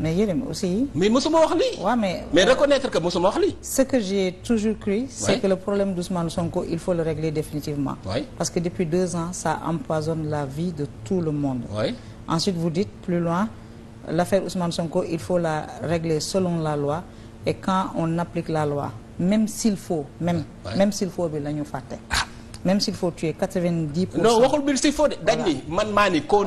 mais Yérim aussi. mais mosuma wax lii. waaw mais mais reconnaître que mosuma wax lii. ce que j'ai toujours cru. c'est oui. que le problème d'Ousmane Sonko il faut le régler définitivement. Oui. parce que depuis deux ans ça empoisonne la vie de tout le monde. Oui. ensuite vous dites plus loin l'affaire Ousmane Sonko il faut la régler selon la loi et quand on applique la loi même s'il faut même. même s'il faut bi la ñu fàtte. Ah, même si faut tuer quatre-vingt-dix pour cent non waxul mbir s'il faut de dañ ni man maa ni. waaw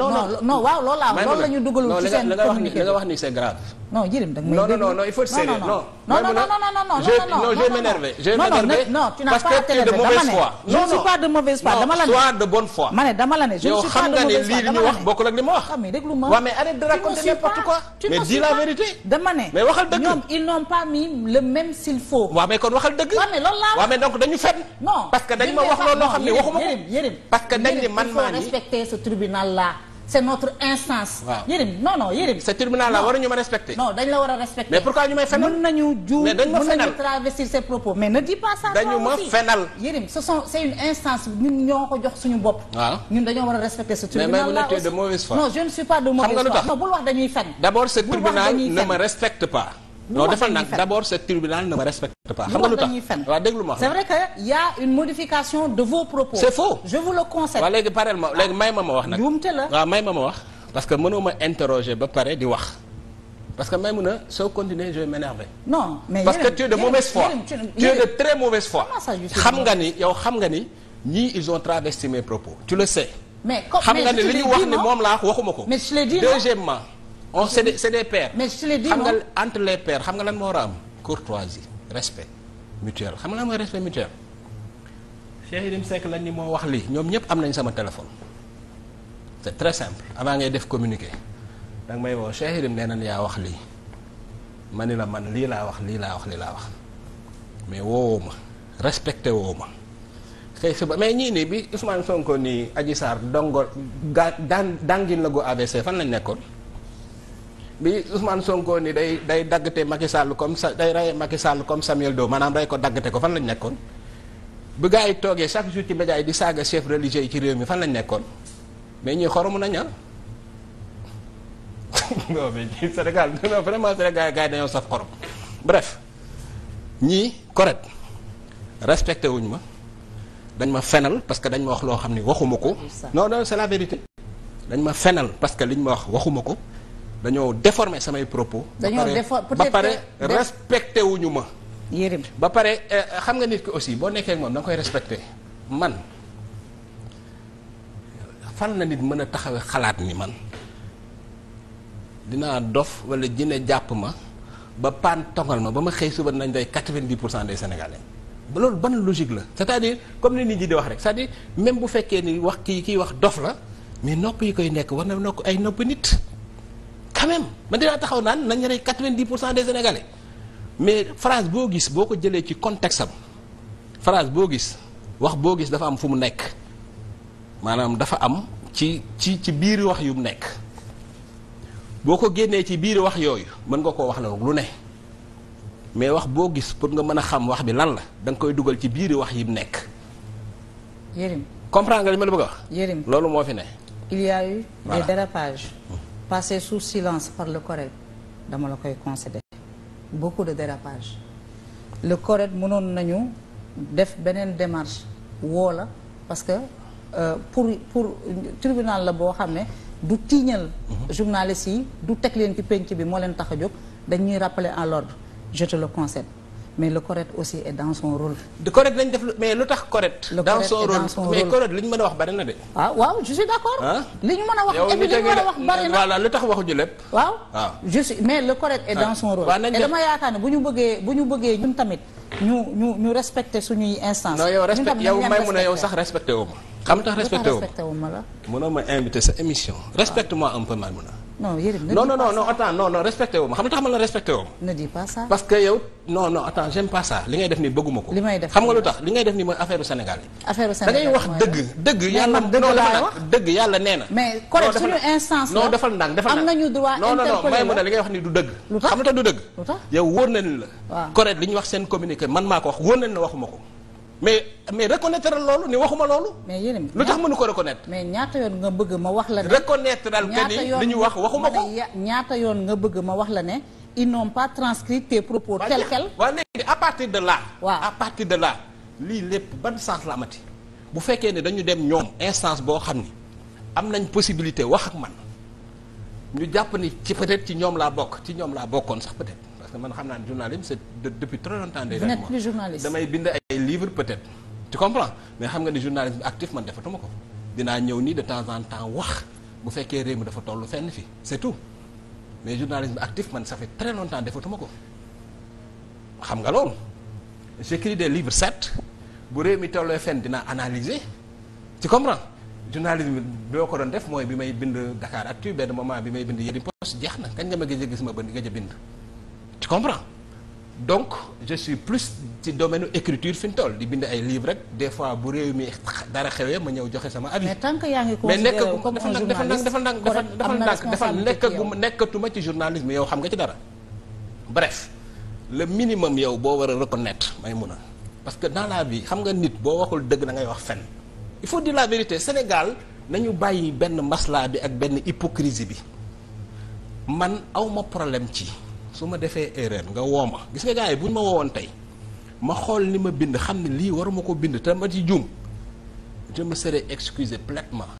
non non non waaw loolu laa loolu la ñu dugalul ci seen communiqué non wax ni c'est grave. non Yérim da nga may non non non il faut être sérieux non non non non non non non je vais m'énerver je vais m'énerver non tu n'as pas à t'énerver dama ne je ne suis pas de mauvaise foi dama la ne soit de bonne foi ma ne dama la ne je ne suis pas de mauvaise foi yow xam nga ne lii li ñu wax bokkul ak li ma wax ah, mais déglu ma waaw mais arrête de raconter n'importe quoi mais dis la vérité dama ne mais waxal dëgg ñoom ils n'ont pas mis le même s'il faut waaw mais kon waxal dëgg waaw mais loolu laa waaw mais donc dañu fen non parce que dañ ma wax loolu loo xam ne waxuma ko parce que dañ ne man maa ni respecter ce tribunal là c'est notre instance. waaw Yérim non non Yérim. ce tribunal la waruñu ma respecter. non dañ la war a respecter. mais pourquoi ñu may fenal mën mais dañu ma fenal Yérim c'est une instance ñun ñoo ko jox suñu bopp. waaw ñun dañoo war a respecter ce tribunal là aussi mais de mauvaise foi. non wax dañuy fen. d'abord ce tribunal ne me respecte pas. non defal nag d'abord ce tribunal ne me respecte pas. xam nga lu tax déglu ma. c'est vrai que y a une modification de vos propos. c'est faux je léegi pareel ma léegi may ma ma wax nag. juumte la may ma ma wax. parce que mënoo ma interroger ba pare di wax. parce que Maïmouna soo continuer je vais m'énerver. non mais parce que tu es de mauvaise foi. tu es de très mauvaise foi. xam nga ni yow xam nga ni ñii ils ont travesti mes propos. tu le sais. mais comme xam nga ni li wax ni ko. mais je on oh, c'est des c'est des pairs. mais je l'ai dit xam nga xam nga lan moo war a am courtoisie respect mutuel xam nga lan moo respect mutuel. Cheikh Yérim Seck lan ni moo wax lii ñoom ñëpp am nañ sama téléphone. c'est très simple avant ngay def communiqué danga may woo Cheikh Yérim nee na yaa wax lii ma ni la man lii laa wax lii laa wax lii laa wax mais woowoo ma respecté woo ma. xëy suba mais ñii nii bi Ousmane Sonko nii Adji Sarr dongo gaa daan daangin la go AVC fan lañ nekkoon. bi Ousmane Sonko ni day day daggate Sall comme sa day reye Macky Sall comme Samuel Doe maanaam rey ko daggate ko fan lañ nekkoon bu gars yi toogee chaque jour ci média yi di saaga chef religieux yi ci réew mi fan lañ nekkoon mais ñuy xoromu nañ ah. non mais Sénégal non vraiment Sénégal gars yi dañoo saf xorom bref ñii correct respecté wuñ ma dañ ma fenal parce que dañ ma wax loo xam ni waxuma ko. non non c'est dañ ma fenal parce que liñ ma wax waxuma ko. dañoo déformer samay propos. dañoo défor ba pare respecté wuñu ma. yërëm ba pare eh, xam nga nit ki aussi boo nekkee ak moom da koy respecté man fan na nit mën a taxawee xalaat ni man dinaa dof wala jine jàpp ma ba paan tongal ma ba ma xëy suba nañ day quatre-vingt-dix pour cent des sénégalais. loolu ban logique la c'est-à-dire comme ni nit ñi di wax rek c'est-à-dire même bu fekkee ni wax kii kii wax dof la mais nopp yi koy nekk war na nokk ay nopp nit. quand même man dinaa taxaw naan nañ rey quatre-vingt-dix pour cent mais phrase boo gis boo ko jëlee ci contexte am boo gis wax boo gis dafa am fu mu nekk maanaam dafa am ci ci ci biir wax yu mu nekk boo ko génnee ci biir wax yooyu mën nga koo wax la lu ne mais wax boo gis pour nga mën a xam wax bi lan la danga koy dugal ci biir wax yi mu nekk. Yérim nga li ma la bëgg a wax. Yérim loolu moo fi ne. il y a eu passé sous silence par le CORED dama la koy concéder beaucoup de dérapage le CORED mënoon nañu def beneen démarche woola la parce que euh, pour pour tribunal la boo xam ne du tiiñal mhm. journalistes yi du teg leen ci penc bi moo leen tax a jóg dañuy rappeler à l'ordre je le concède mais le CORED aussi est dans son rôle. de CORED lañ def mais lu tax CORED. dans son rôle mais CORED li ñu mën a wax bari na de. ah waaw je suis d' ñu mën a wax et lu tax waxuñu lépp. waaw waaw ah. je suis mais le CORED est ah. dans son rôle. et dama yaakaar ne bu ñu bëggee bu ñu bëggee ñun tamit ñu ñu ñu respecter suñuy instance non yow respecté yow may mun a yow sax respecté wu ma. xam tax respecté wu ma mënoo ma invité sa émission. respecte moi un peu Maimouna non Yérim ne non non non non attends non non respecté wu ma xam nga tax ma la respecté wu ma. ne dis pas ça. parce que yow non non attends j'aime pas ça li ngay def nii bëgguma ko. li may def xam nga lu tax li ngay def nii mooy affaire Sénégal yi. affaire Sénégal da ngay wax dëgg. dëgg yàlla dëgg laay wax dëgg yàlla nee na. mais correct suñu instance la non defal ndànk defal ndànk am nañu droit interpellé non non may mu ne li ngay wax nii du dëgg. lu tax xam nga du dëgg. lu tax yow wóor nañu la. waaw correct li ñu wax seen communiqué man maa ko wax wóor nañu la waxuma ko mais mais reconnaître loolu ni waxuma loolu. mais yéen lu tax mënu ko reconnaître. mais ñaata yoon nga bëgg ma wax la ne. reconnaître daal que ni li wax waxuma ko. ñaata yoon nga bëgg ma wax la ne. ils n'ont pas transcrit tes propos tel quel. waaw léegi à partir de là. waaw à partir de là lii lépp ban sens la amati bu fekkee ne dañu dem ñoom instance boo xam ni am nañ possibilité wax ak man ñu jàpp ni ci peut-être ci ñoom laa bokk ci ñoom laa bokkoon sax peut parce que man xam naa ne c'est depuis très longtemps. bind livre peut-être tu comprends mais xam nga ni journalisme actif man defatuma ko dinaa ñëw nii de temps en temps wax bu fekkee réew mi dafa toll fenn fi c'est tout mais journalisme actif man ça fait très longtemps defatuma ko xam nga loolu j'écris des livres certes bu réew mi tollee fenn dinaa analyser tu comprends journalisme bi boo ko doon def mooy bi may bind Dakar Actu benn moment bi may bind Yerim Post jeex na kañ nga ma gëj a gis ma bëgg gëj a bind tu comprends donc je suis plus ci domaine écriture fi mu toll di bind ay livres rek des fois bu réew mi dara xewee ma ñëw joxe sama avis. mais tant que yaa ngi considéré comme un journaliste dafa nekk dafa nekk dafa nekkaguma nekkatuma ci journalisme yow xam nga ci dara. bref le minimum yow boo war a reconnaître may mun a parce que dans la vie xam nga nit boo waxul dëgg na ngay wax fen il faut di la vérité Sénégal nañu bàyyi benn maslaa bi ak benn hypocrisie bi man awma problème ci. su ma defee erreur nga woo ma gis nga gars yi buñ ma woowoon tey ma xool ni ma bind xam ne lii waruma ko bind te ma ci juum je me serais platement